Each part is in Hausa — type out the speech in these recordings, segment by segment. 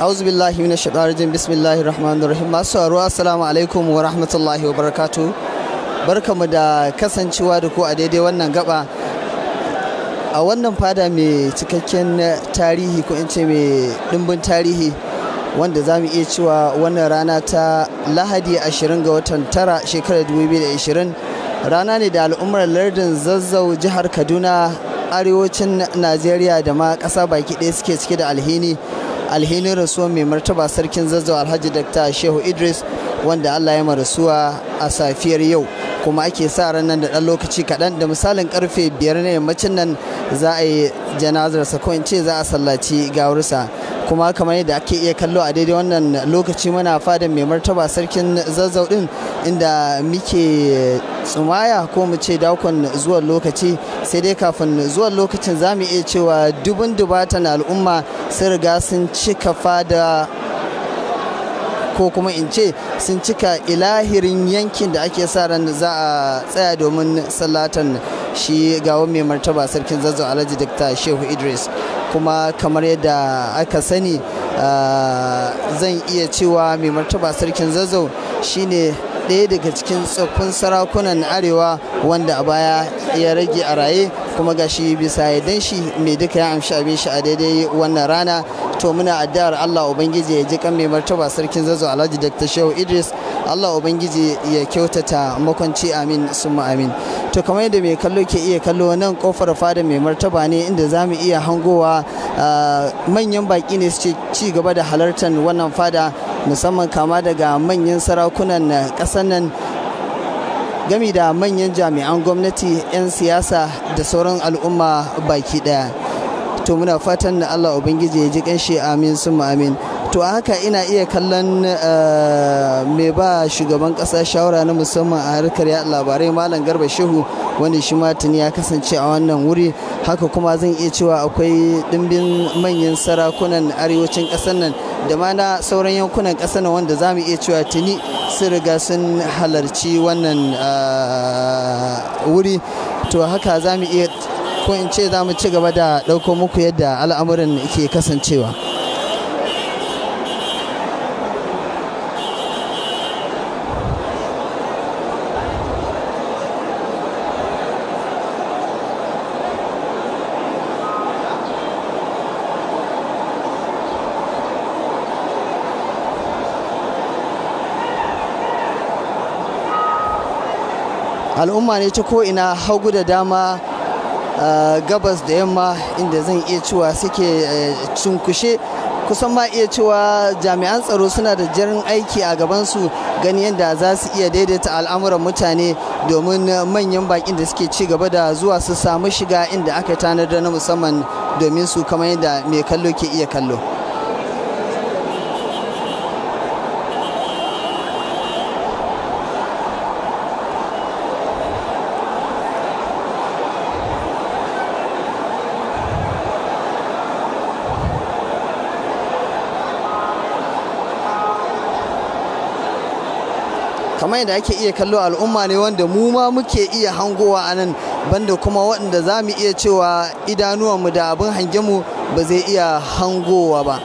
auzu billahi min shaɗar jin bismillahi rahman rahim masu aro assalamu alaikum wa rahmatullahi wa barakatu barkamu da kasancewa da ku a daidai wannan gaba a wannan fada mai cikakken tarihi ko in ce mai ɗimbin tarihi wanda za mu iya cewa wannan rana ta lahadi 20 ga watan tara shekarar 2020 rana ne da al'ummar lardin zazzau jihar kaduna arewacin najeriya da ma ƙasa baki ɗaya suke cike da alhini alhinin rasuwar mai martaba sarkin zazzau alhaji dakta shehu idris wanda allah ya marasuwa a safiyar yau kuma ake sa ran nan da ɗan lokaci kaɗan da misalin karfe biyar na yammacin nan za a yi janazarsa ko in ce za a sallaci gawarsa kuma kamar yadda ake iya kallo a daidai wannan lokaci muna fadin mai martaba sarkin zazzau din inda muke tsumaya ko mu ce dakon zuwan lokaci sai dai kafin zuwan lokacin za mu iya cewa dubun dubatan al'umma sun riga sun cika fada ko kuma in ce sun cika ilahirin yankin da ake sa ran za a tsaya domin sallatan shi gawa mai martaba sarkin zazzau alhaji dr shehu idris kuma kamar yadda aka sani ah, zan iya cewa mai martaba sarkin zazzau shine ɗaya daga cikin tsoffin sarakunan arewa wanda a baya ya rage a raye kuma gashi bisa ya shi mai duka ya amshi abin shi a daidai wannan rana to muna addu'ar Allah ubangiji ya ji kan mai martaba sarkin zazzau Alhaji Dr. Shehu Idris Allah ubangiji ya kyautata makwanci amin summa amin to kamar yadda mai kallo ke iya kallo nan kofar fada mai martaba ne inda za mu iya hangowa manyan baki ne suke ci gaba da halartar wannan fada musamman kama daga manyan sarakunan eh, ƙasar nan gami da manyan jami'an gwamnati 'yan siyasa da sauran al'umma baki daya to muna fatan da allah ubangiji ya ji kanshi amin sun amin to a haka ina iya kallon eh, mai ba shugaban kasa shawara na musamman a harkar yaɗa labarai malam garba shehu wanda shi tuni ya kasance a wannan wuri haka kuma zan iya cewa akwai ɗimbin manyan sarakunan arewacin ƙasar nan da ma na sauran yankunan ƙasar nan wanda za mu iya cewa tuni sun riga sun halarci wannan eh, wuri to haka za mu iya ko in ce za mu ci gaba da ɗauko muku yadda al'amuran ke kasancewa al'umma ne ta ko'ina hagu da dama gabas da yamma inda zan iya cewa suke eh, cinkushe kusan ma iya cewa jami'an tsaro suna da jirin aiki a gabansu gani yadda za su iya daidaita al'amuran mutane domin manyan bakin da suke ci gaba da zuwa su samu shiga inda aka da na musamman domin su kamar yadda mai kallo ke iya kallo. kamar da ake iya kallo al'umma ne wanda mu ma muke iya hangowa a nan banda kuma waɗanda za mu iya cewa idanuwanmu da abin hangenmu ba zai iya hangowa ba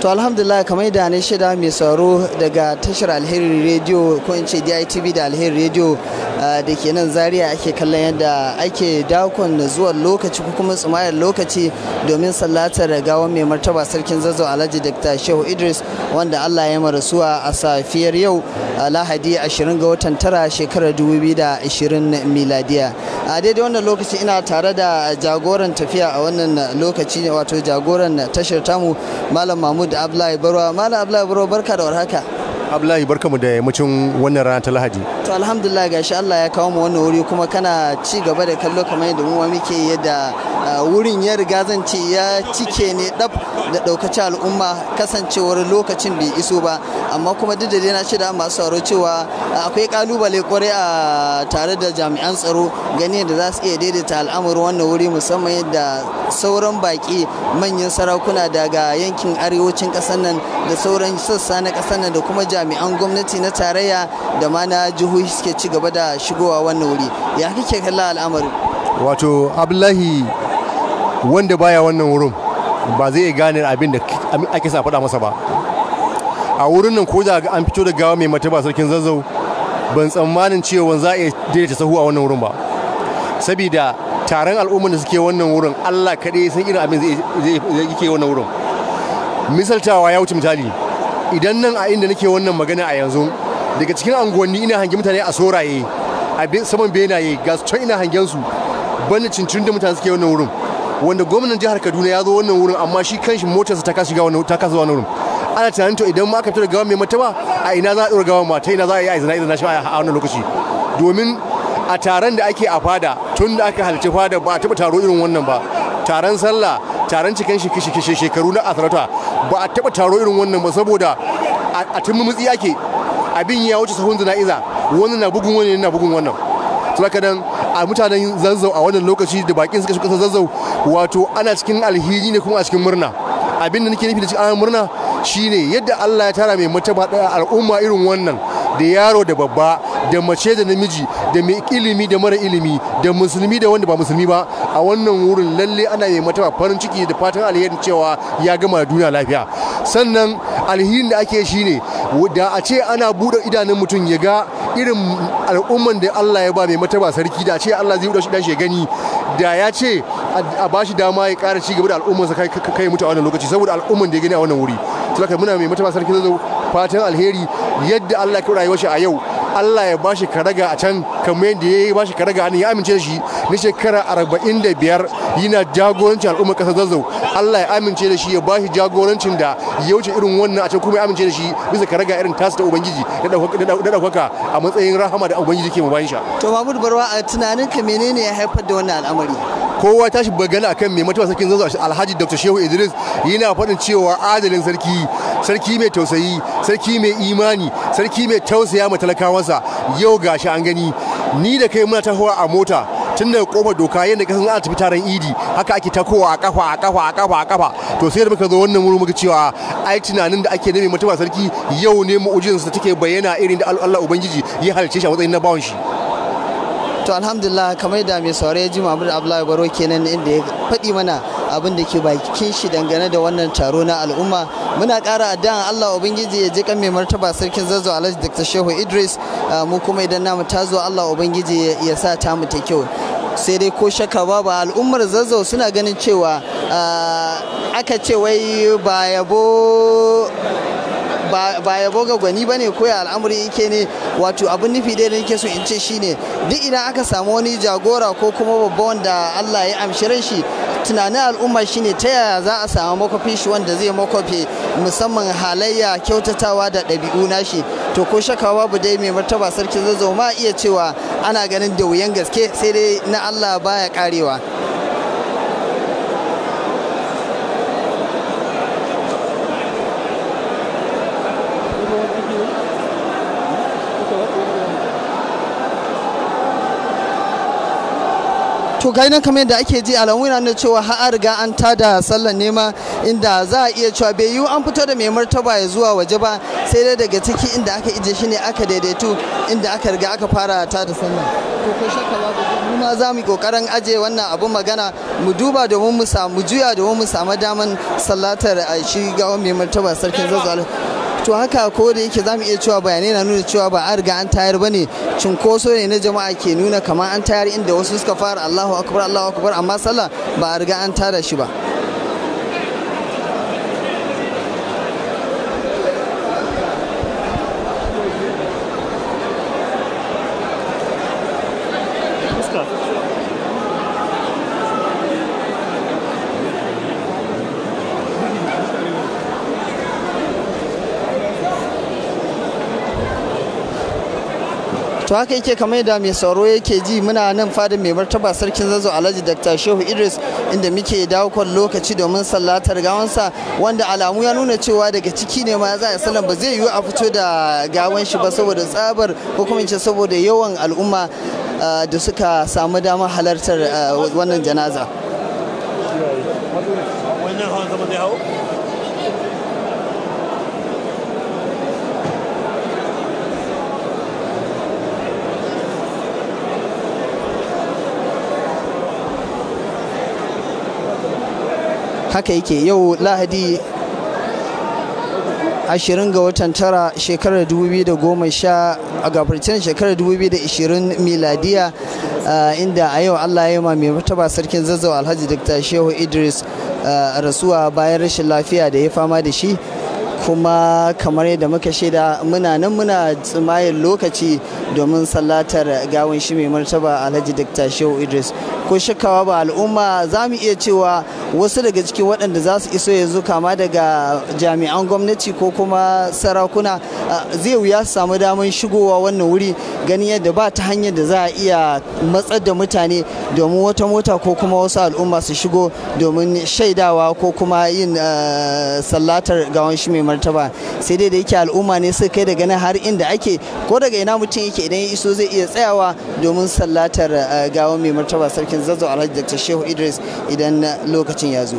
to alhamdulillah kamar da ne shida mai tsaro daga tashar alheri radio ko in ce DITV da alheri radio ah, da ke nan zaria ake kallon yadda ake dakon zuwa lokaci ko kuma tsumayar lokaci domin sallatar gawan mai martaba sarkin zazzau alhaji dr shehu idris wanda allah ya marasuwa a safiyar yau ah, lahadi 20 ga watan tara shekarar 2020 miladiya a daidai wannan lokaci ina tare da jagoran tafiya a wannan lokaci ne wato jagoran tashar tamu malam mahmud abdullahi barwa malam abdullahi barwa barka da warhaka abdullahi barka mu da yammacin wannan rana ta lahadi to alhamdulillah gashi allah ya kawo mu wannan wuri kuma kana ci gaba da kallo kamar yadda mu muke yadda wurin ya riga zan ya cike ne dab da ɗaukacin al'umma kasancewar lokacin bai iso ba amma kuma duk da dai na shida masu tsaro cewa akwai kalubale kware a tare da jami'an tsaro gani da za su iya daidaita al'amuran wannan wuri musamman da sauran baki manyan sarakuna daga yankin arewacin ƙasar nan da sauran sassa na ƙasar nan da kuma jami'an gwamnati na tarayya da ma na jihohi suke ci gaba da shigowa wannan wuri ya kake kalla al'amarin wato abdullahi wanda baya wannan wurin ba zai iya gane abin da ake sa faɗa masa ba a wurin nan ko da an fito da gawa mai mataba sarkin zazzau ban tsammanin cewa za a iya ta sahu a wannan wurin ba saboda taron al'ummar da suke wannan wurin Allah kaɗai sun irin abin zai yake wannan wurin misaltawa ya wuce misali idan nan a inda nake wannan magana a yanzu daga cikin unguwanni ina hangi mutane a soraye a saman benaye ga su can ina hangen su banda cincin da mutane suke wannan wurin wanda gwamnan jihar kaduna ya zo wannan wurin amma shi kanshi motarsa ta kasa shiga wannan ta kasa wannan wurin ana tunanin to idan ma aka fito da gawa mai mataba a ina za a ɗora gawa ma ta ina za a yi a zina izina shi a wannan lokaci domin a taron da ake a fada tun da aka halarci fada ba a taɓa taro irin wannan ba taron sallah taron cikin shi shekaru na asarata ba a taɓa taro irin wannan ba saboda a tun mutsi ake abin ya wuce sahun zina'iza wani na bugun wani na bugun wannan tsakanin a mutanen zanzau a wannan lokaci da bakin suka kasar zanzau wato ana cikin alhiji ne kuma a cikin murna abin da nake nufi da cikin ana murna shine yadda Allah ya tara mai mataba daya al'umma irin wannan da yaro da babba da mace da namiji da mai ilimi da mara ilimi da musulmi da wanda ba musulmi ba a wannan wurin lalle ana mai mataba farin ciki da fatan alheri cewa ya gama duniya lafiya sannan alhirin da ake shine da a ce ana buɗe idanun mutum ya ga irin al'umman da Allah ya ba mai mataba sarki da a ce Allah zai buɗe shi dan shi gani da ya ce a bashi dama ya ƙara ci gaba da al'ummarsa kai mutu a wannan lokaci saboda al'umman da ya gani a wannan wuri to kai muna mai mataba sarki zazzau fatan alheri yadda Allah ya kira rayuwar shi a yau Allah ya bashi karaga a can kamar yadda ya bashi karaga a nan ya amince shi na shekara arba'in da biyar yana jagorancin al'ummar ƙasar zazzau Allah ya amince da shi ya bashi jagorancin da ya wuce irin wannan a can kuma ya amince da shi bisa karaga irin tasu ta ubangiji da ɗaukaka a matsayin rahama da ubangiji ke mu bayan sha. to mahmud barwa a tunaninka menene ya haifar da wannan al'amari. kowa tashi bagana akan mai mutuwa sarkin zanzu alhaji dr shehu idris yana faɗin cewa adalin sarki sarki mai tausayi sarki mai imani sarki mai tausaya ma talakawansa yau ga shi an gani ni da kai muna tahowa a mota tun daga kofar doka yadda kasan a tafi taron idi haka ake takowa a kafa a kafa a kafa a kafa to sai da muka zo wannan wuri muka cewa ai tunanin da ake nemi mutuwa sarki yau ne mu'ujinsa take bayyana irin da Allah ubangiji ya halarci shi a matsayin na bawon shi to alhamdulillah kamar da mai saurari ji mahmud abdullahi baro kenan inda ya faɗi mana abin da ke bakin shi dangane da wannan taro na al'umma muna ƙara addu'a Allah ubangiji ya ji kan mai martaba sarkin zazzo alhaji dr shehu idris mu kuma idan namu ta zo Allah ubangiji ya sa ta mu ta kyau sai dai ko shakka babu al'ummar zazzau suna ganin cewa aka ce wai ba yabo ba ya boga gwani ba ne ko ya al'amuri yake ne wato abin nufi ɗaya da nake so in ce shine duk idan aka samu wani jagora ko kuma babba wanda Allah ya amshi ran shi tunanin al'umma shine ta yaya za a samu makwafin shi wanda zai makwafe musamman halayya kyautatawa da ɗabi'u nashi to ko shaka babu dai mai martaba sarki zazzau ma iya cewa ana ganin da wuyan gaske sai dai na Allah baya karewa to ga nan kamar yadda ake ji alamu na nuna cewa har riga an tada sallar nema inda za a iya cewa bai yiwu an fito da mai martaba ya zuwa waje ba sai dai daga ciki inda aka ije shi ne aka daidaitu inda aka riga aka fara tada sallar to ko shakka ba mu ma za mu kokarin aje wannan abun magana mu duba domin mu samu juya domin mu samu daman sallatar a shi ga mai martaba sarkin zazzalo. to haka ko da yake zamu iya cewa bayanai na nuna cewa ba a riga an tayar ba ne cinkoso ne na jama'a ke nuna kamar an tayar inda wasu suka fara Allahu akbar Allahu akbar amma sallah ba a riga an tara shi ba to haka yake kamar yadda mai sauro yake ji muna nan fadin mai martaba sarkin zazzau alhaji dr shehu idris inda muke dawo lokaci domin sallatar gawansa wanda alamu ya nuna cewa daga ciki ne ma za a sallan ba zai yiwu a fito da gawan shi ba saboda tsabar ko kuma ce saboda yawan al'umma ah, da suka samu damar halartar ah, wannan janaza. haka yake yau lahadi 20 ga watan tara shekarar 2010 a gafarcin shekarar 2020 miladiya inda a yau Allah ya yi ma mai martaba sarkin zazzau alhaji dr shehu idris rasuwa bayan rashin lafiya da ya fama da shi kuma kamar yadda muka shaida muna nan muna tsimayin lokaci domin sallatar gawon shi mai martaba alhaji dr shehu idris ko shakawa ba al'umma za mu iya cewa wasu daga cikin waɗanda za su iso yanzu kama daga jami'an gwamnati ko kuma sarakuna zai wuya su samu damar shigowa wannan wuri ganin yadda ba ta hanyar da za a iya matsar da mutane domin wata mota ko kuma wasu al'umma su shigo domin shaidawa ko kuma yin sallatar gawan shi mai martaba sai dai da yake al'umma ne su kai daga nan har inda ake ko daga ina mutum yake idan ya iso zai iya tsayawa domin sallatar gawan mai martaba sarki sarkin zazzau alhaji dr shehu idris idan lokacin ya zo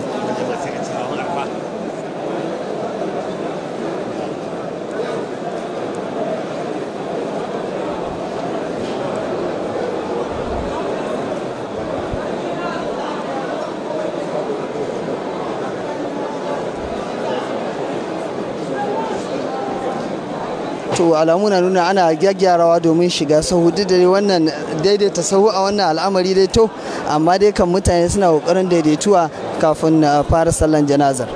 to alamu na nuna ana gyaggyarawa domin shiga sahu duk da wannan daidaita sahu a wannan al'amari dai to amma dai kan mutane suna kokarin daidaituwa kafin fara sallan janazar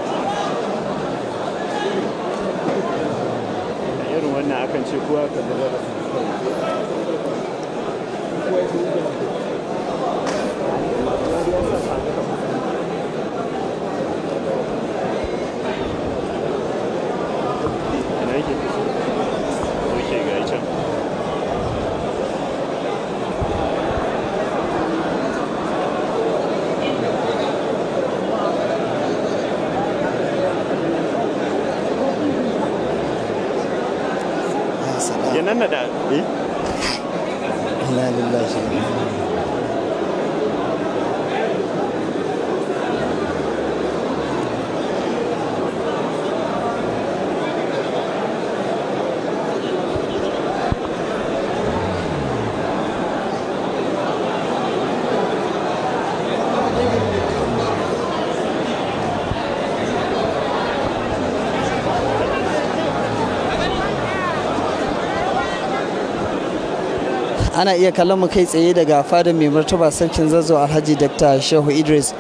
ana iya kallon mu kai tsaye daga fadar mai martaba sarkin zazzau alhaji dr shehu idris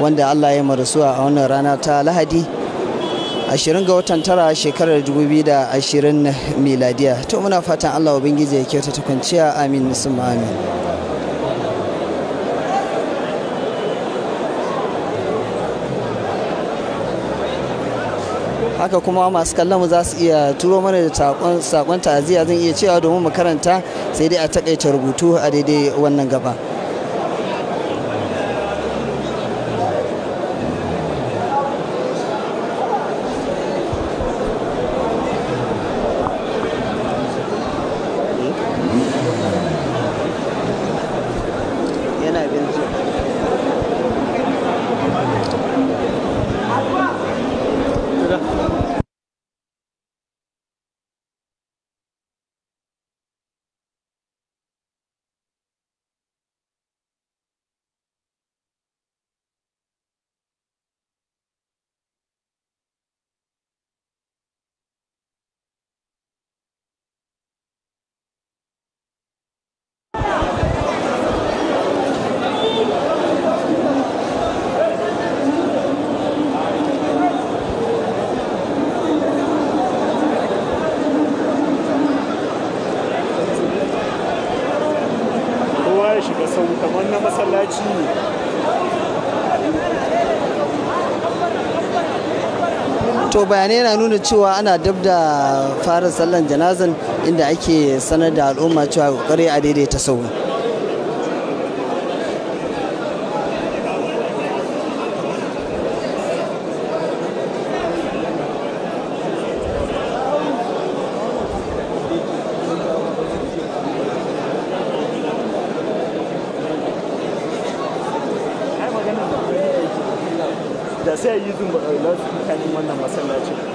wanda allah ya marasuwa a wannan rana ta lahadi 20 ga watan tara shekarar 2020 miladiya to muna fatan allah ubangiji ya kyauta ta kwanciya amin musamman amin haka kuma masu kallon mu za su iya turo mana da sakon ta'aziyya zan iya cewa domin mu karanta sai dai a takaice rubutu a daidai wannan gaba bayanai na nuna cewa ana dab da fara sallan janazan inda ake sanar da al'umma cewa kokari a daidaita sauri da sai yi zumba na tsakanin wannan masallacin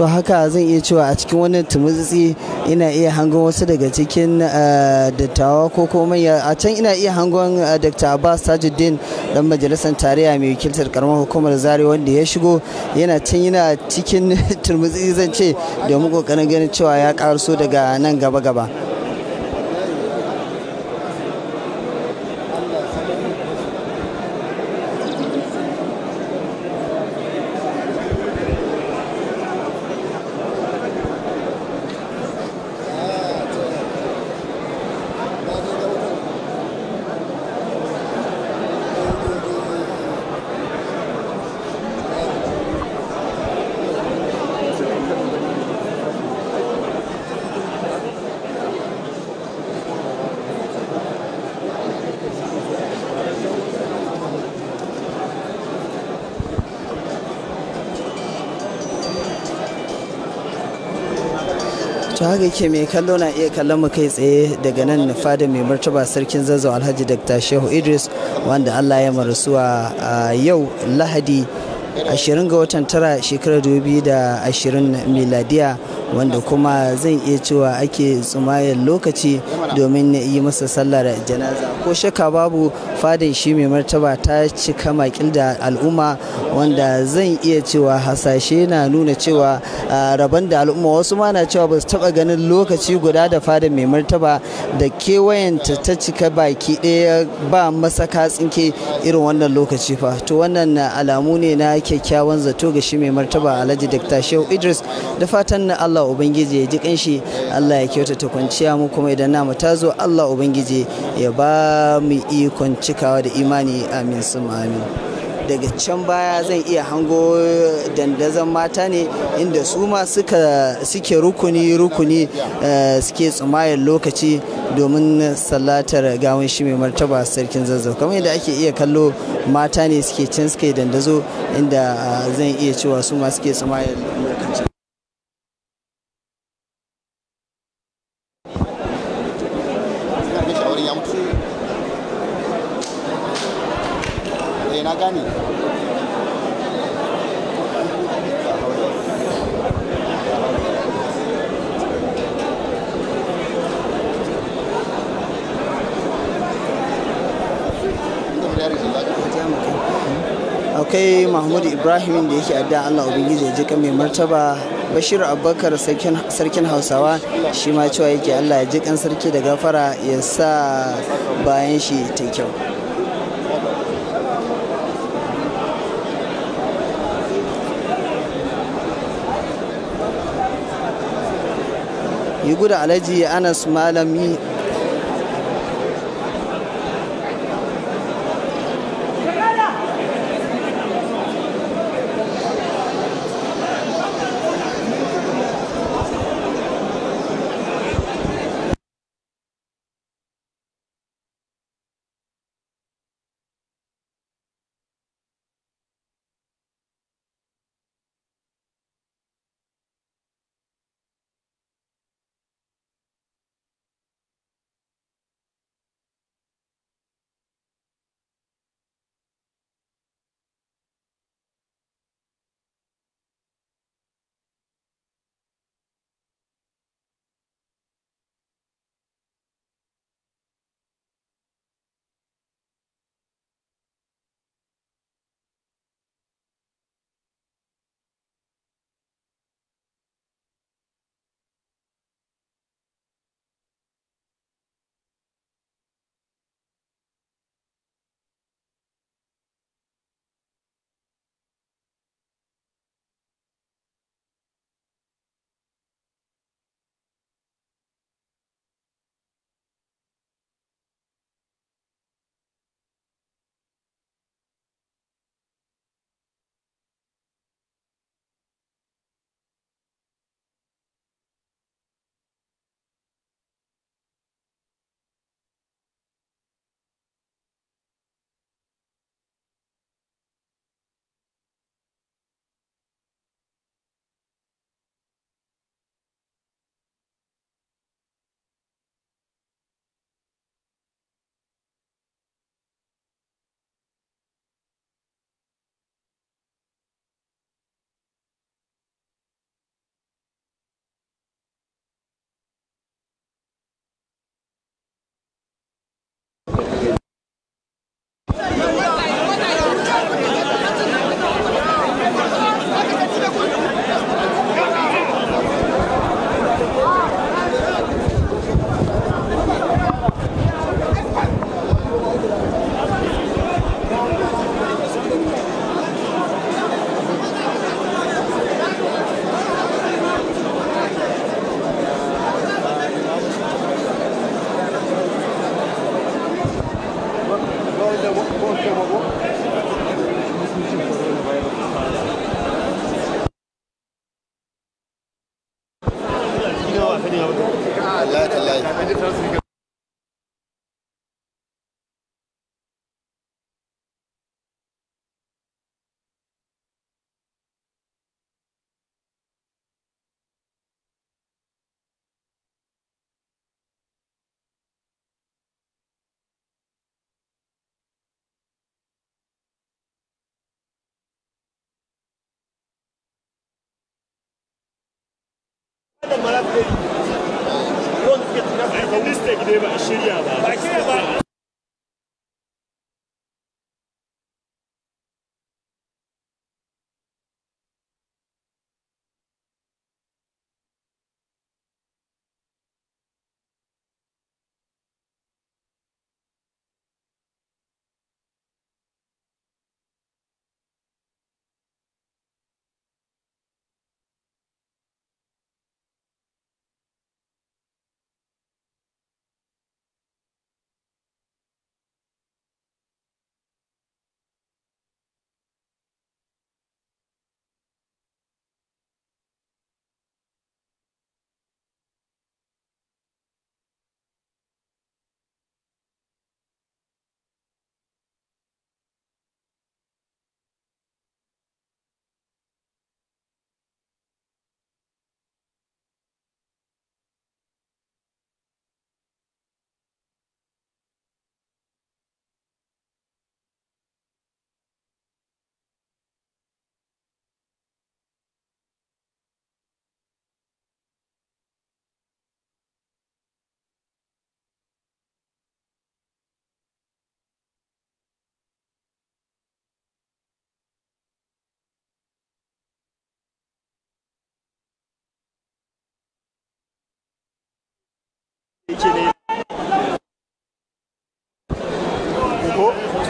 to haka zan iya cewa a cikin wannan tumutsi ina iya hangon wasu daga cikin eh, dattawa ko kuma a can ina iya hangon eh, dr abbas tajuddin dan majalisar tarayya mai wakiltar karamar hukumar zare wanda ya shigo yana can yana cikin tumutsi zan ce domin kokarin ganin cewa ya karso daga nan gaba-gaba ga ke mai kallo na iya kallon mu kai tsaye daga nan fada mai martaba sarkin zazzau alhaji dr shehu idris wanda allah ya marasuwa yau lahadi ashirin ga watan tara shekarar dubi da ashirin miladiya wanda kuma zan iya cewa ake tsumayar lokaci domin yi masa sallar janaza ko shaka babu fadin shi mai martaba ta cika makil da al'umma wanda zan iya cewa hasashe na nuna cewa rabon da al'umma wasu ma na cewa ba su taba ganin lokaci guda da fadin mai martaba da kewayenta ta cika baki ɗaya ba masaka tsinke irin wannan lokaci fa to wannan alamu ne na kyakkyawan zato ga shi mai martaba Alhaji Dr. Shehu Idris da fatan na Allah Ubangiji ya ji kanshi Allah ya kyauta ta kwanciya mu kuma idan namu ta zo Allah Ubangiji ya ba mu ikon cikawa da imani amin sun amin. daga can baya zan iya hango dandazon mata ne inda su ma suke rukuni-rukuni eh, suke tsumayar lokaci domin sallatar gawon shi mai martaba sarkin zazzau kamar yadda ake iya kallo mata ne suke can suke dandazo inda eh, zan iya cewa su ma suke tsumayar Ibrahimin da yake addu'a Allah ubangiji ya jika mai martaba Bashir Abubakar sarkin Hausawa shi ma cewa yake Allah ya jikan sarki da gafara ya sa bayan shi ta kyau yi guda alhaji anas malami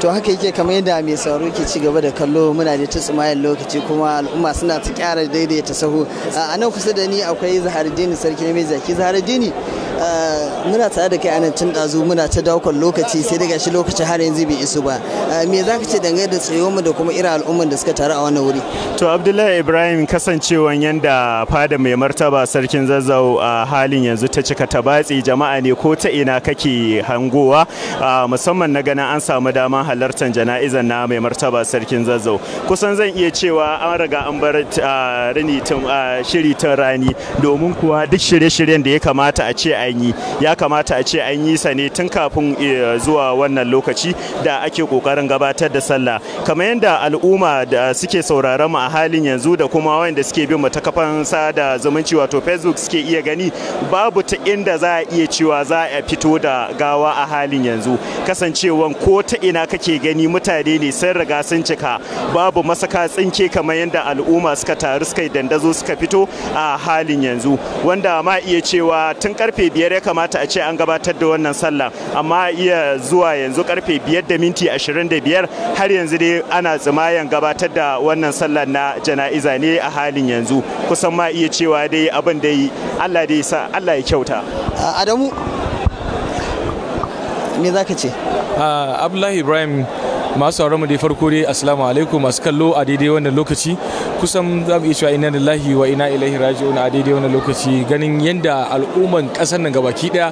to haka yake kamar yadda mai sauro ke ci gaba da kallo muna da tsumayen lokaci kuma al'umma suna ta kyara daidaita sahu a nan kusa da ni akwai zahar jini sarki na mai zaki zahardini Eh, muna tare da kai anan tun dazu muna ta daukar lokaci sai daga shi lokaci har yanzu bai isu ba eh, me za ka ce dangane da mu da kuma irin al'umman da suka taru a wannan wuri to abdullahi ibrahim kasancewan yanda fada mai martaba sarkin zazzau a halin yanzu ta cika ta batsi jama'a ne ko ta ina kake hangowa ah, musamman na ganin an samu dama halartar jana'izar na mai martaba sarkin zazzau kusan zan iya cewa an riga an bar ah, rini ah, shiri ta rani domin kuwa duk shirye-shiryen da ya kamata a ce a an yi ya kamata a ce an yi sa ne tun kafin eh, zuwa wannan lokaci da ake kokarin gabatar da sallah kamar yadda al'umma da suke sauraron mu a halin yanzu da kuma wanda suke bin mu ta kafan sada zumunci wato facebook suke iya gani babu ta inda za a iya cewa za a fito da gawa a halin yanzu kasancewan ko ta ina kake gani mutane ne sai riga sun cika babu masaka tsinke kamar yadda al'umma suka taru suka dandazo suka fito a halin yanzu wanda ma iya cewa tun karfe biyar ya kamata a ce an gabatar da wannan sallah amma iya zuwa yanzu karfe biyar da minti ashirin da biyar har yanzu dai ana tsimayan gabatar da wannan sallah na jana'iza ne a halin yanzu kusan ma iya cewa dai abin da yi Allah dai sa Allah ya kyauta Adamu me ka ce Abdullahi Ibrahim masu sauraron mu da farko dai assalamu alaikum masu kallo a daidai wannan lokaci kusan za mu iya cewa da lillahi wa ina ilaihi raji'un a daidai wannan lokaci ganin yanda al'umman kasar nan gabaki daya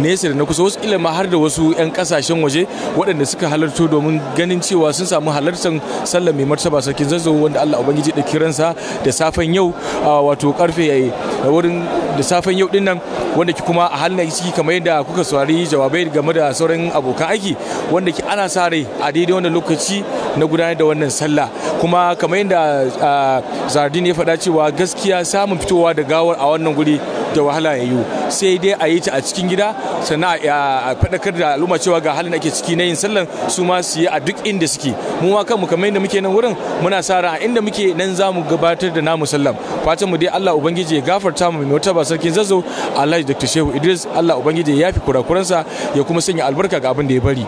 nesa da na kusa wasu ilimin har da wasu yan kasashen waje waɗanda suka halarto domin ganin cewa sun samu halartar sallar mai martaba sarkin zazzau wanda Allah ubangiji da kiransa da safen yau wato karfe eh, wurin da safen yau dinnan wanda ki kuma a halin ciki kamar yadda kuka saurari jawabai game da sauran abokan aiki wanda ki ana sa rai a daidai wannan lokaci na gudanar da wannan sallah kuma kamar yadda zardin ya faɗa cewa gaskiya samun fitowa da gawar a wannan guri da wahala ya yiwu sai dai a yi ta a cikin gida sannan a faɗakar da al'umma cewa ga halin ake ciki na yin sallan su ma su yi a duk inda suke mu ma kanmu kamar yadda muke nan wurin muna sa ran inda muke nan za mu gabatar da namu sallam fatan mu dai Allah ubangiji ya gafarta mu mai ba sarkin zazzau Alhaji Dr. Shehu Idris Allah ubangiji ya yafi kurakuransa ya kuma sanya albarka ga abin da ya bari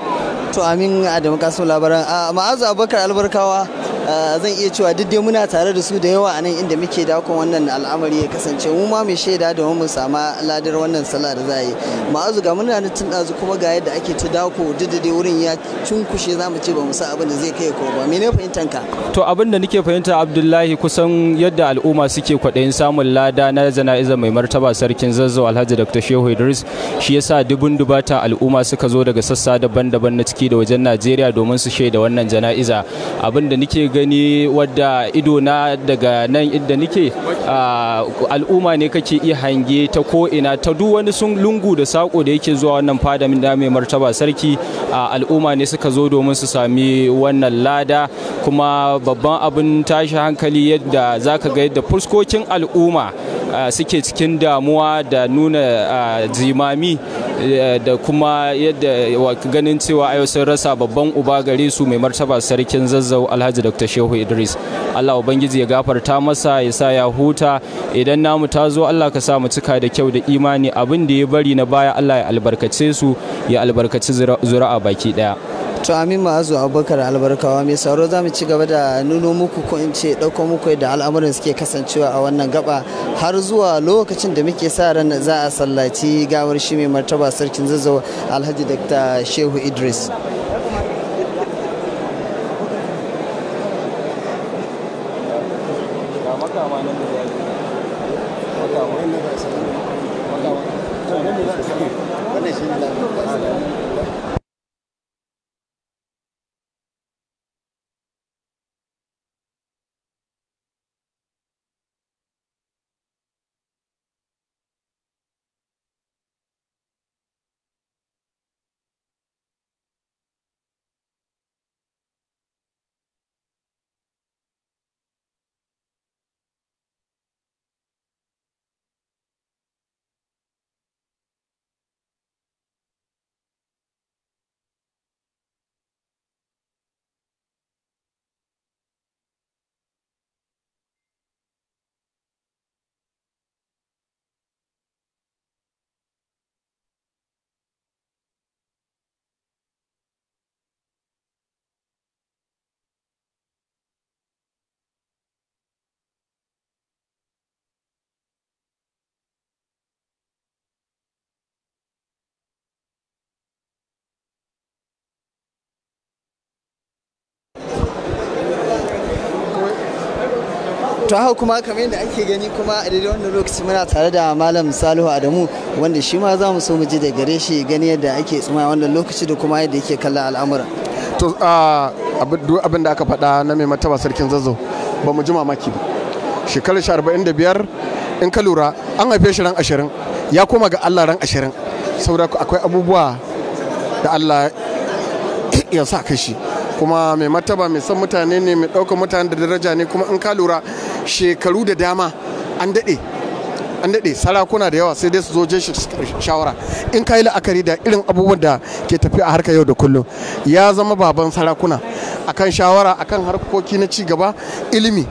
to amin adamu kasu labaran a ah, ma'azu abubakar albarkawa Eh, zan iya cewa duk dai muna tare da su da yawa a nan inda muke dakon wannan al'amari ya kasance mu ma mai shaida domin mu sama ladar wannan sallah da za a yi ma'azu ga muna na tun ɗazu kuma ga yadda ake ta dako duk da dai wurin ya cunkushe za mu ce ba mu sa abin da zai kai ko ba mene fahimtar ka to abin da nake fahimta abdullahi kusan yadda al'umma suke kwaɗayin samun lada na jana'iza mai martaba sarkin zazzau alhaji dr shehu idris shi yasa dubun dubata al'umma suka zo daga sassa daban-daban na ciki da wajen najeriya domin su shaida wannan jana'iza abin da nake gani wadda ido na daga nan inda nike al'umma ne kake iya hange ta ko ina ta duk wani sun lungu da sako da yake zuwa wannan fada da mai martaba sarki al'umma ne suka zo domin su sami wannan lada kuma babban abin tashi hankali yadda zaka ga yadda fuskokin al'umma suke cikin damuwa da nuna jimami e, da kuma yadda ganin cewa ayo sun rasa babban uba gare su mai martaba sarkin zazzau alhaji dr shehu idris allah ubangiji ya gafarta masa ya sa ya huta idan namu ta zo allah ka sa mu cika da kyau da imani abin da ya bari na baya allah ya albarkace su ya albarkaci zuri'a baki daya to amin ma'azu abubakar albarkawa mai sauro za mu ci gaba da nuno muku ko in ce ɗauko muku da al'amuran suke kasancewa a wannan gaba har zuwa lokacin da muke sa ran za a sallaci gawar shi mai martaba sarkin zazzau alhaji dr shehu idris to haka kuma kamar yadda ake gani kuma a daidai wannan lokaci muna tare da malam salihu adamu wanda shi ma za mu so mu ji da gare shi gani yadda ake tsuma wannan lokaci da kuma yadda yake kallon al'amura to duk abin da aka faɗa na mai mataba sarkin zazzau ba mu ji mamaki ba shekarar shi arba'in da biyar in ka lura an haife shi ran ashirin ya koma ga allah ran ashirin saboda akwai abubuwa da allah ya sa kashi kuma mai mataba mai san mutane ne mai ɗaukar mutane da daraja ne kuma in ka lura shekaru da dama an daɗe an daɗe sarakuna da yawa sai dai su zo je shawara in ka yi la'akari da irin abubuwan da ke tafi a harka yau da kullum ya zama baban sarakuna akan shawara akan harkoki na ci gaba ilimi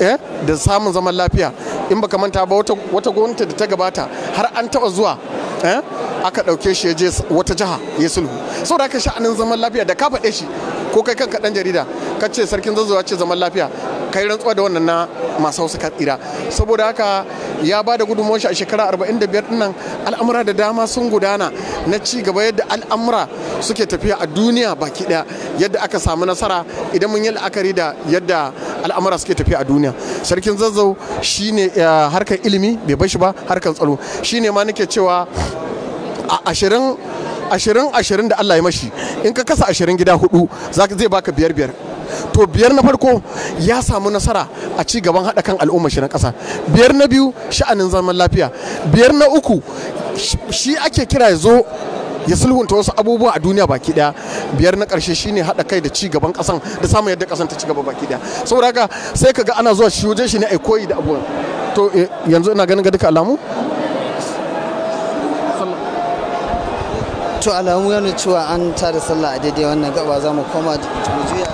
eh, da samun zaman lafiya in baka manta ba wata gwamnati da ta gabata har an taba zuwa eh, aka ɗauke shi ya je wata jiha ya sulhu saboda haka sha'anin zaman lafiya da ka faɗe shi ko kai kanka dan jarida ka ce sarkin zazzawa ce zaman lafiya kai rantsuwa da wannan na masu hausa ka tsira saboda haka ya ba da gudunmuwar shi a shekara 45 dinnan al'amura da dama sun gudana na ci gaba yadda al'amura suke tafiya a duniya baki daya yadda aka samu nasara idan mun yi la'akari da yadda al'amura suke tafiya a duniya sarkin zazzau shine Eh, harkar ilimi bai bashi ba harkar tsaro shine ma nake cewa a ashirin ashirin ashirin da Allah ya mashi in ka kasa ashirin gida hudu zai baka biyar biyar to biyar na farko ya samu nasara a ci gaban haɗa kan al'umma shi na ƙasa biyar na biyu sha'anin zaman lafiya biyar na uku shi ake kira ya zo ya sulhunta wasu abubuwa a duniya baki daya biyar na karshe shine hada kai da ci gaban kasan da samun yadda kasan ta ci gaba baki daya saboda haka sai ga ana zuwa shi wajen shi ne ai koyi da abubuwan to eh, yanzu ina ganin ga duka alamu to alamu yana cewa an tada sallah a daidai wannan gaba za mu koma juya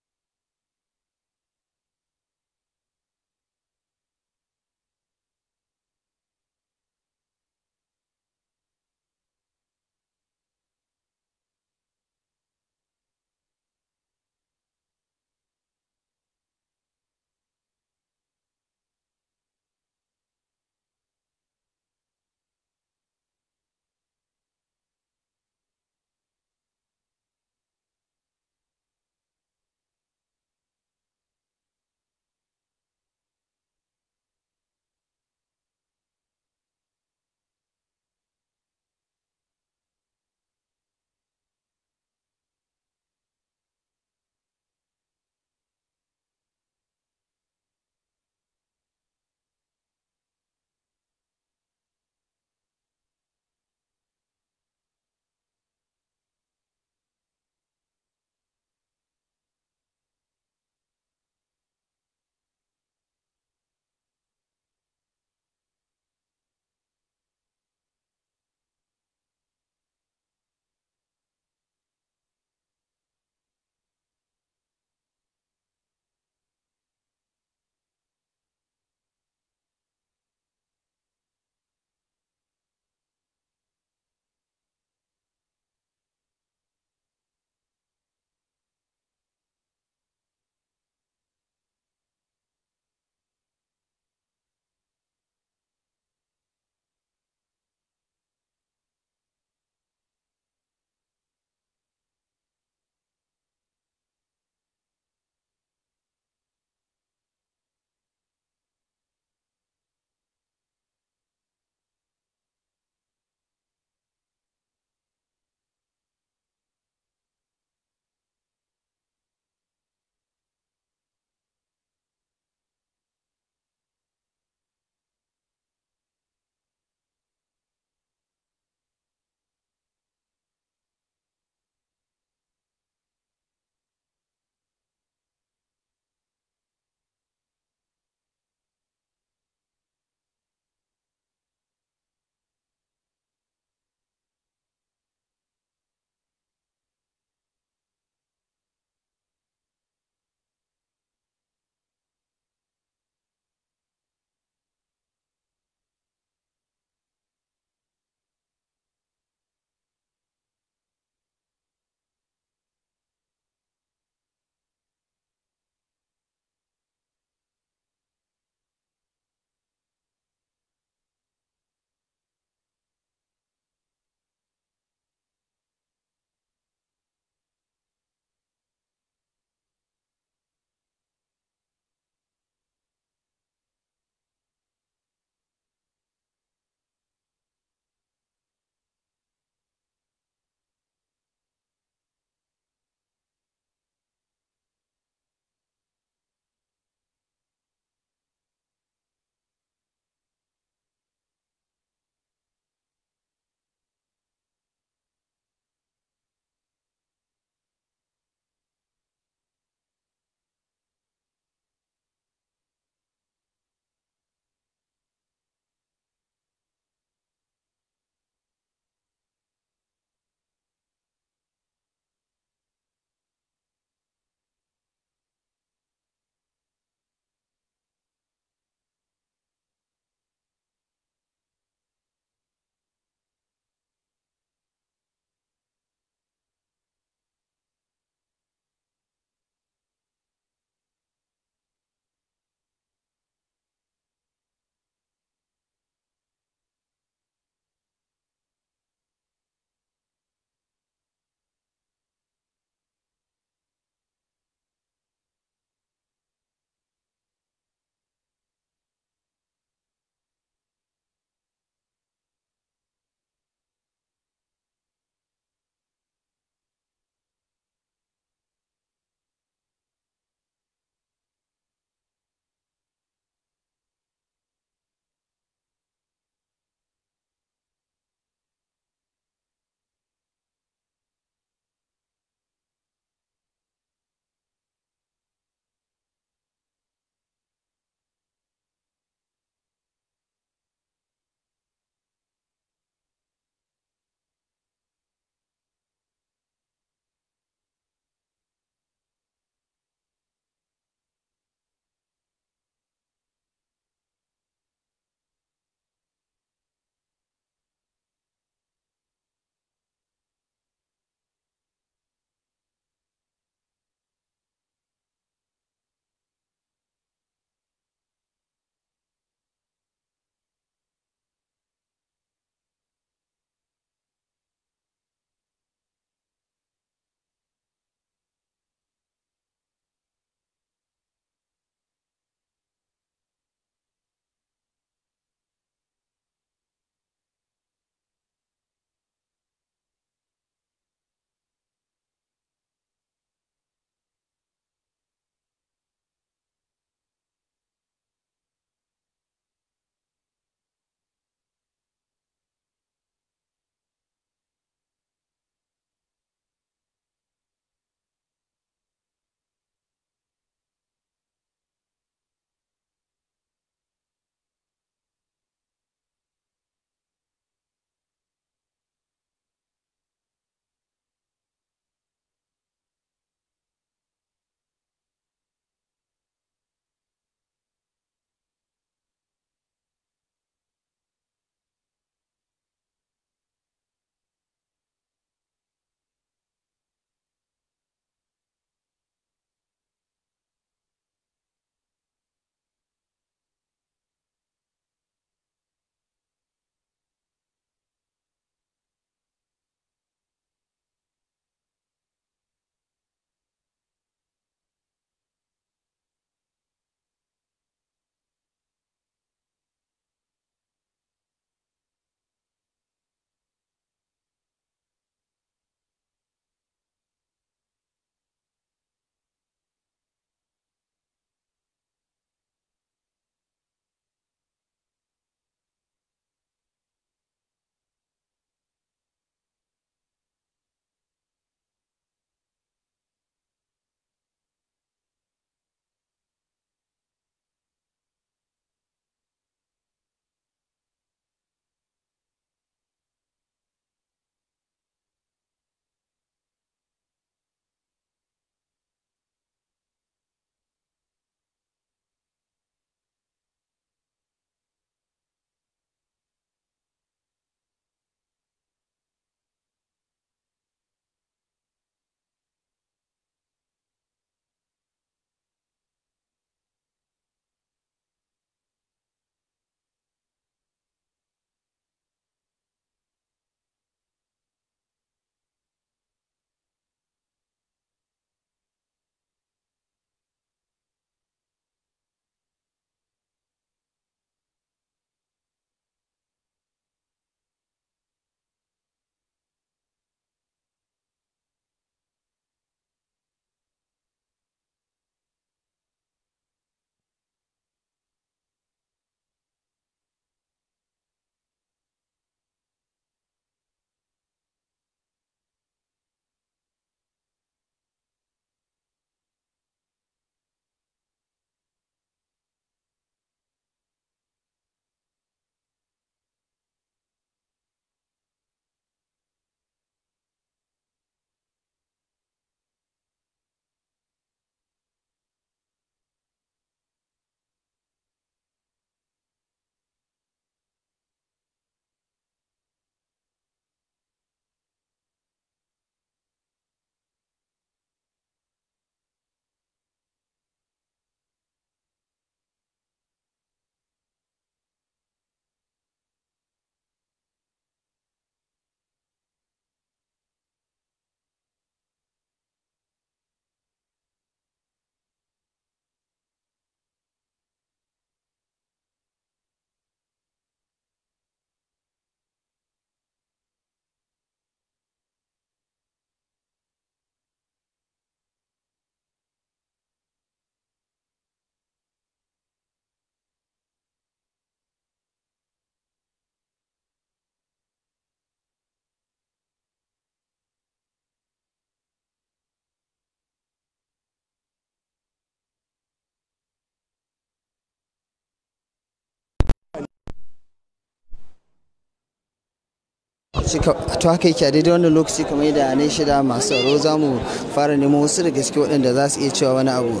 lokaci to haka yake a daidai wannan lokaci kamar yadda ne shida masu tsaro za mu fara neman wasu da gaske waɗanda za su iya cewa wani abu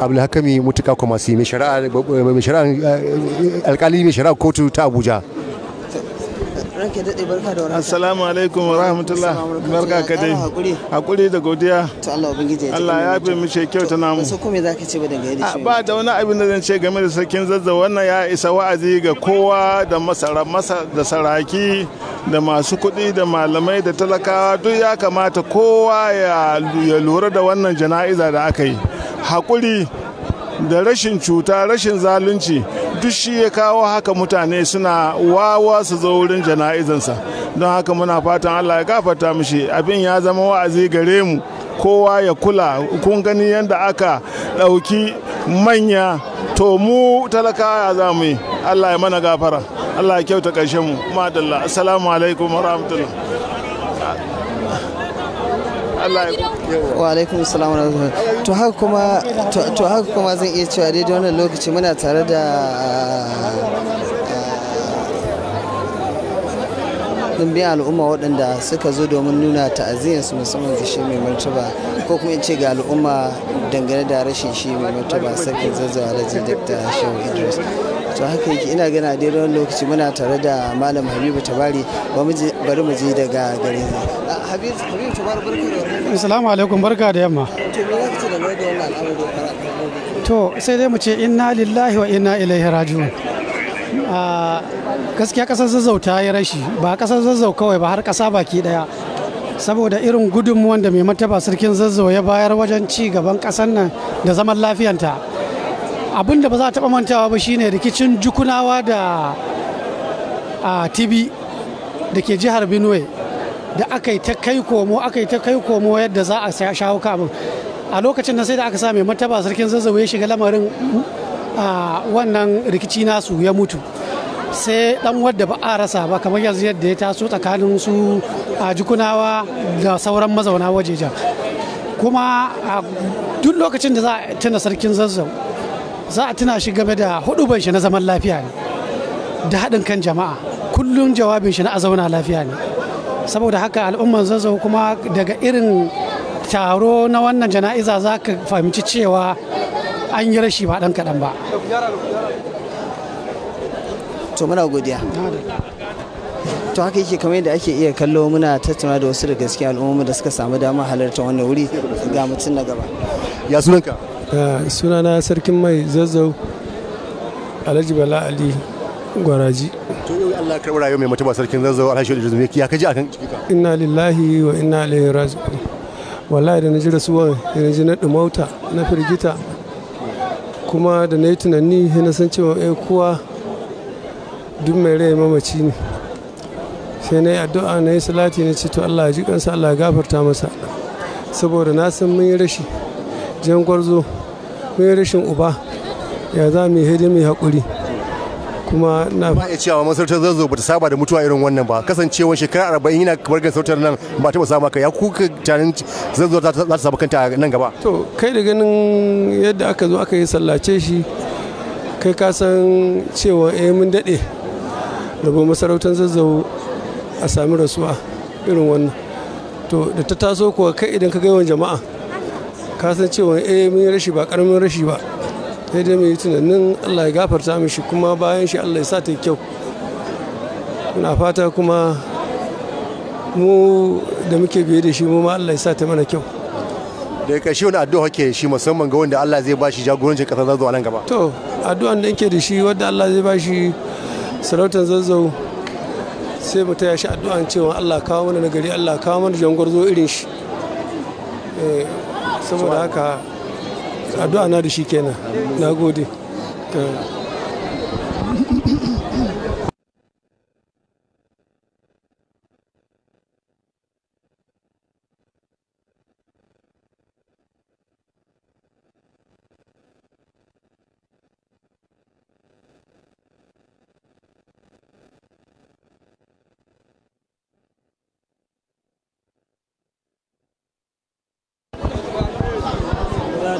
abdulhakami mutuka kuma mai shari'a alkali mai shari'a kotu ta abuja ranka daɗe barka da warhaka assalamu alaikum wa rahmatullah barka ka dai hakuri da godiya to Allah ubangiji ya Allah ya fi kyauta namu zaka ce ba daga shi ba da wani abin da zan ce game da sarkin zazza wannan ya isa wa'azi ga kowa da masara masa da saraki da masu kuɗi da malamai da talakawa duk ya kamata kowa ya lura da wannan jana'iza da aka yi hakuri da rashin cuta rashin zalunci duk shi ya kawo haka mutane suna wawa su zo wurin jana'izansa don haka muna fatan allah ya gafarta mushi abin ya zama wa'azi gare mu kowa ya kula kun gani yadda aka ɗauki manya to mu talakawa za mu yi allah ya mana gafara allah ya kyauta ƙarshen mu madalla assalamu alaikum wa rahmatullah allah ya wa alaikum salam to haka kuma to haka kuma zan iya cewa daidai wannan lokaci muna tare da ɗumbin ah, al'umma waɗanda suka zo domin nuna su musamman ga shi mai martaba ko kuma in ce ga al'umma dangane da rashin shi mai martaba sarki zazzawa da dakta shehu idris to haka yake ina gana a daidai lokaci muna tare da malam habibu tabari bari mu je daga gare Habib da alaikum barka da yamma. To sai dai mu ce inna lillahi wa inna ilaihi raji'un. gaskiya kasar zazzau ta yi rashi ba kasar zazzau kawai ba har kasa baki ɗaya. saboda irin gudunmuwan da mai mataba sarkin zazzau ya bayar wajen ci gaban ƙasar nan da zaman lafiyanta abin da ba za a taba mantawa ba shine rikicin jukunawa da a tibi da ke jihar benue da aka yi ta kai komo aka yi ta kai komo yadda za a shawo kamun a lokacin da sai da aka sa mai martaba sarkin zazzabu ya shiga lamarin a wannan rikici nasu ya mutu sai dan wadda ba a rasa ba kamar yanzu yadda ya taso tsakanin su a jikunawa da sauran mazauna wajeja kuma a duk lokacin da za a tuna sarkin zazzau za a tuna shi game da hudu shi na zaman lafiya ne da haɗin kan jama'a kullum jawabin shi na a zauna lafiya ne saboda haka al'umman zazzau kuma daga irin taro na wannan jana'iza za ka fahimci cewa an yi rashi ba ɗan kaɗan ba to muna godiya to haka yake kamar yadda ake iya kallo muna tattauna da wasu daga cikin da suka samu damar halarta wannan wuri ga mutum na gaba ya sunanka sunana sarkin mai zazzau alhaji bala ali gwaraji to yau Allah ya karɓi rayuwar mai mutuba sarkin zazzau alhaji Idris me ya kaji akan ciki ka inna lillahi wa inna ilaihi raji'un wallahi da naji rasuwa da naji na dumauta na firgita kuma da na yi tunani na san cewa eh kowa duk mai rai mamaci ne sai na yi addu'a na yi salati na ce to Allah ya ji kansa Allah ya gafarta masa saboda na san mun yi rashi jan gwarzo mun yi rashin uba ya za mu yi hidimi mu haƙuri kuma na ba ya cewa masarautar zazzau ba ta saba da mutuwa irin wannan ba kasancewar shekara arba'in yana kamar ga sautar nan ba ta saba ka ya kuka tunanin zazzau za ta saba kanta nan gaba to kai da ganin yadda aka zo aka yi sallace shi kai ka san cewa eh mun daɗe ba masarautar zazzau a sami rasuwa irin wannan to da ta taso kuwa kai idan ka gaiwa jama'a ka san cewa eh mun rashi ba karamin rashi ba sai dai mai tunanin allah ya gafarta mishi kuma bayan shi allah ya sa ta kyau na fata kuma mu da muke biye da shi mu ma allah ya sa ta mana kyau da shi wani addu'a ke shi musamman ga wanda allah zai bashi jagorancin kasar zazzau nan gaba to addu'an da yake da shi wadda allah zai bashi sarautar zazzau sai mu taya shi addu'an cewa allah kawo mana nagari allah kawo mana zo irin shi eh, saboda haka addu'a na da shi kenan na gode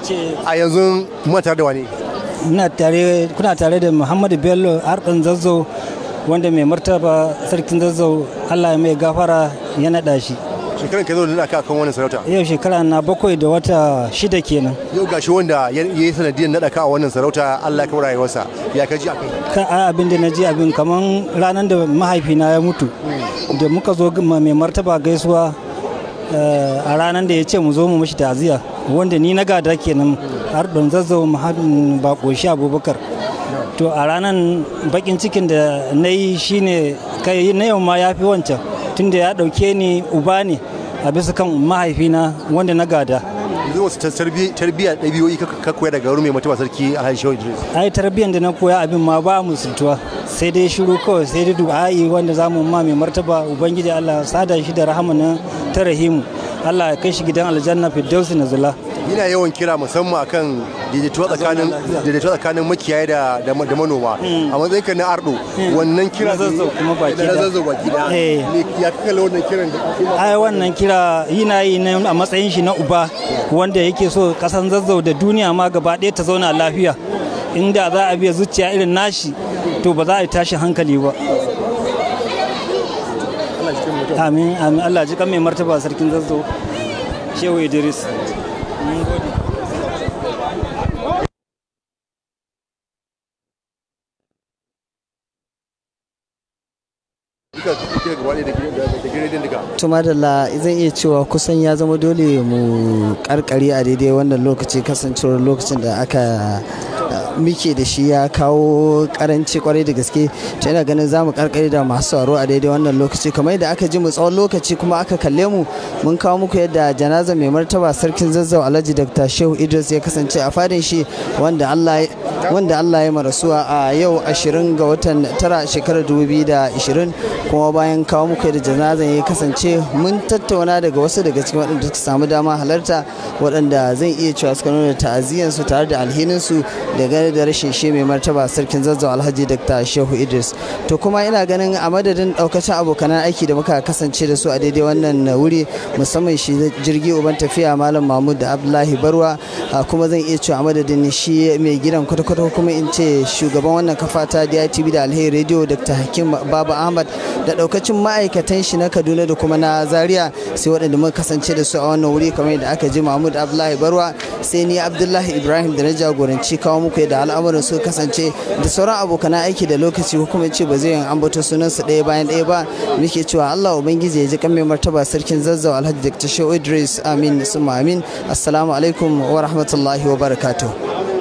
ce a yanzu kuma tare da wani ina tare kuna tare da Muhammadu Bello arɗin Zazzau wanda mai martaba sarkin zazzau Allah mai gafara ya naɗa shi shekaran ka zo da aka kan wannan sarauta yau shekara na bakwai da wata shida kenan yau gashi wanda ya yi sanadiyar naɗa ka a wannan sarauta Allah ya kawo rayuwarsa ya ka ji a kai ka abin da na ji abin kamar ranar da mahaifina ya mutu hmm. da muka zo mai martaba gaisuwa Eh, a ranar da ya ce mu zo mu mashi taziya wanda ni na gada kenan har ban zazzo muhammadu ba shi abubakar to a ranar bakin cikin da na yi shine kai na yau ma ya fi wancan tunda ya dauke ni uba ne a bisa kan mahaifina wanda na gada yanzu wasu tarbiyya ɗabi'o'i ka koya daga wurin mai mutuwa sarki a haishe idris ai tarbiyyar da na koya abin ma ba mu sutuwa, sai dai shiru kawai sai dai du'a'i wanda zamu ma mai martaba ubangiji allah sada shi da rahama na ta rahimu Allah ya kai shi gidan aljanna firdausi na zula ina yawan kira musamman akan daidaituwa tsakanin daidaituwa tsakanin makiyaye da da manoma a matsayin ka na ardo hmm. wannan kira zo kuma baki da zo baki da ne eh. ya kika wannan kiran da ai wannan kira ina yi ne a matsayin shi na uba wanda yake so kasan zazzau da duniya ma gaba ɗaya ta zauna lafiya inda za a biya zuciya irin nashi to ba za a yi hankali ba amin amin Allah ji kan mai martaba sarkin zazzo shehu idris mun gode da la zan iya cewa kusan ya zama dole mu karkari a daidai wannan lokaci kasancewar lokacin da aka muke da shi ya kawo karanci kwarai da gaske to ina ganin za mu karkare da masu tsaro a daidai wannan lokaci kamar yadda aka ji mu tsawon lokaci kuma aka kalle mu mun kawo muku yadda janaza mai martaba sarkin zazzau alhaji dr shehu idris ya kasance a fadin shi wanda allah wanda allah ya marasuwa a yau 20 ga watan tara shekarar 2020 kuma bayan kawo muku yadda janazan ya kasance mun tattauna daga wasu daga cikin waɗanda suka samu dama halarta waɗanda zan iya cewa suka nuna su tare da alhininsu daga jaje da rashin shi mai martaba sarkin zazzau alhaji dr shehu idris to kuma ina ganin a madadin daukacin abokanan aiki da muka kasance da su a daidai wannan wuri musamman shi jirgi uban tafiya malam mahmud da abdullahi barwa kuma zan iya cewa a madadin shi mai gidan kwata-kwata kuma in ce shugaban wannan kafa ta DITV da alheri radio dr hakim baba ahmad da daukacin ma'aikatan shi na kaduna da kuma na zaria sai waɗanda muka kasance da su a wannan wuri kamar yadda aka ji mahmud abdullahi barwa sai ni abdullahi ibrahim da na jagoranci kawo muku da al'amuran su kasance da sauran abokan aiki da lokaci kuma ce ba zai yi ambato sunan su ɗaya bayan ɗaya ba muke cewa Allah ubangiji ya ji kan mai martaba sarkin zazzau Alhaji Dr. Shehu Idris Amin Suma Amin assalamu alaikum wa rahmatullahi wa barakatuh